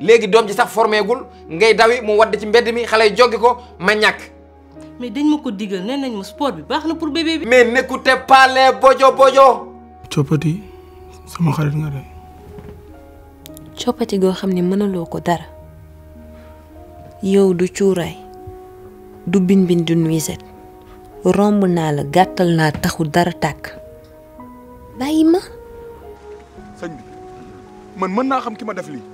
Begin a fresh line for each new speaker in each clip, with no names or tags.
léegi doom ji sax formé ngay dawi mu wadd ci mbedd mi xale yi joggi ko ma ñàkk. mais dañ ma ko digal nee nañ ma sport bi baax na pour bébé bi. mais n'écoutez pas les bojo
bojo.
coppati sama
goo xam ne mënaloo ko dara yow du cuuraay du bin bin du nuisette romb naa la gàttal naa taxu dara tàkk
bàyyi ma. sëñ man mën naa xam ki ma def lii.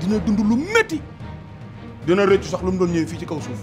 dina dund lu métti dina rëccu sax lu mu doon ñëw fii ci kaw suuf